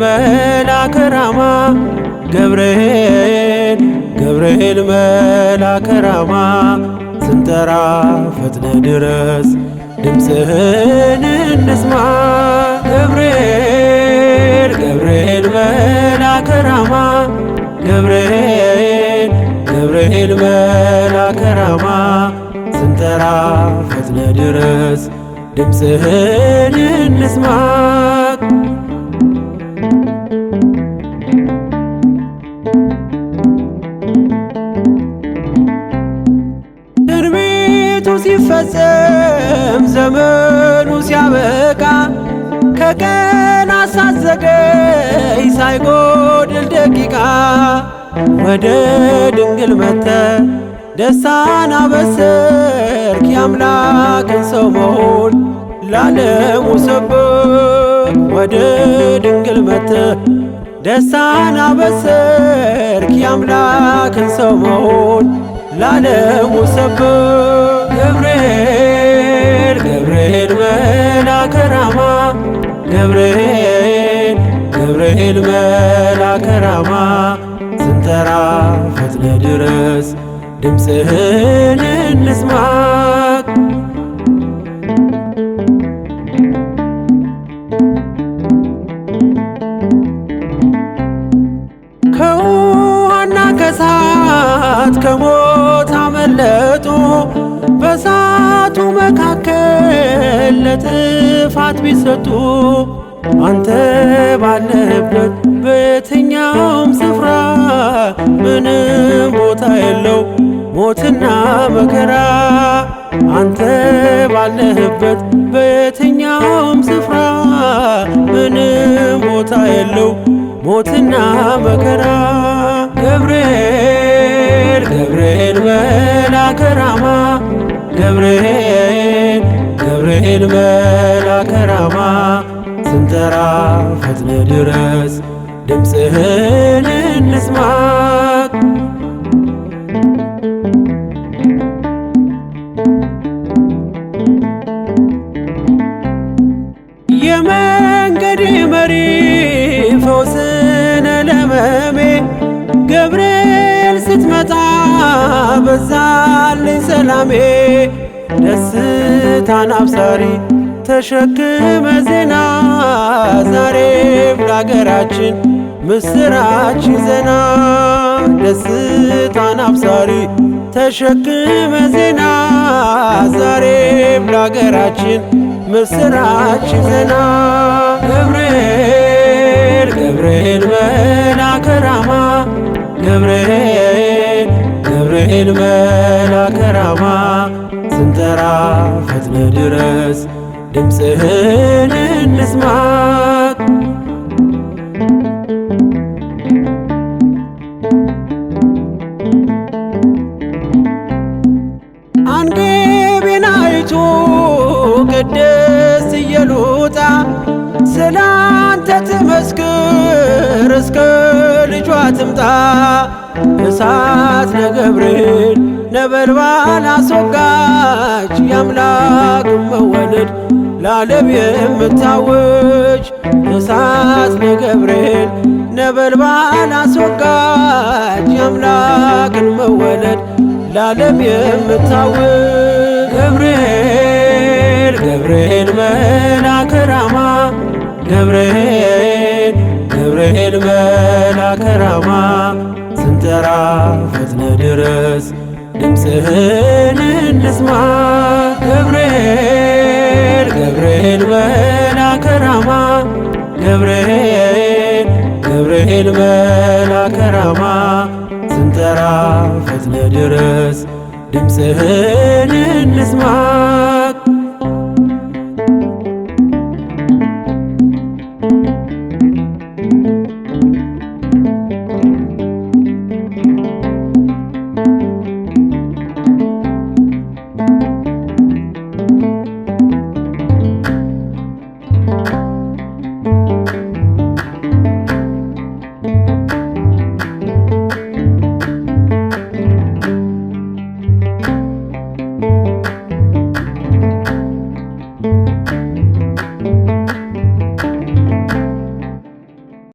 መልአከ ራማ ገብርኤል ገብርኤል መልአከ ራማ ስንጠራ ፈጥነ ድረስ ድምፅህን እንስማ ገብርኤል ገብርኤል መልአከ ራማ ገብርኤል ገብርኤል መልአከ ራማ ስንጠራ ፈጥነ ድረስ ድምፅህን እንስማ ሲፈጸም ዘመኑ ሲያበቃ ከቀን አሳዘገይ ሳይጎድል ደቂቃ ወደ ድንግል መተ ደስታን አበሰርክ የአምላክን ሰው መሆን ላለሙ ሰብክ ወደ ድንግል መተ ደስታን አበሰርክ የአምላክን ሰው መሆን ላለሙ ሰብክ ገብርኤል ገብርኤል መልአከ ራማ ስንጠራ ፈጥነ ድረስ ድምፅህን እንስማ ከውሃና ከሳት ከሞት አመለጡ በእሳቱ መካከል ለጥፋት ቢሰጡ አንተ ባለህበት በየትኛውም ስፍራ ምንም ቦታ የለው ሞትና መከራ አንተ ባለህበት በየትኛውም ስፍራ ምንም ቦታ የለው ሞትና መከራ ገብርኤል ገብርኤል መልአከ ራማ ገብርኤል ገብርኤል መልአከ ራማ ስንጠራ ፈጥነ ድረስ ድምፅህን እንስማ የመንገድ መሪ ፈውስነ ለመሜ ገብርኤል ስትመጣ በዛልኝ ሰላሜ ደስታን አብሳሪ ተሸክመ ዜና ዛሬም ለአገራችን ምስራች ዜና ደስታን አብሳሪ ተሸክመ ዜና ዛሬም ለአገራችን ምስራች ዜና ገብርኤል ገብርኤል መልአከ ራማ ገብርኤል ገብርኤል መልአከ ራማ ስንጠራ ፈጥነ ድረስ ድምፅህን እንስማ አንግቢናይቱ ቅድስት ኢየሉጣ ስላንተ ትመስክር እስከ ትምጣ እሳት ነገብርል ነበልባል አስወጋች የአምላክን መወለድ ለዓለም የምታውጅ እሳት ነገብርል ነበልባል አስወጋች የአምላክን መወለድ ለዓለም የምታውጅ ገብርኤል ገብርኤል መልአከ ራማ ገብርኤል ገብርኤል ከራማ ስንጠራ ፈጥነ ድረስ ድምፅህን እንስማ ገብርኤል ገብርኤል በላ ከራማ ገብርኤል ገብርኤል በላ ከራማ ስንጠራ ፈጥነ ድረስ ድምፅህን እንስማ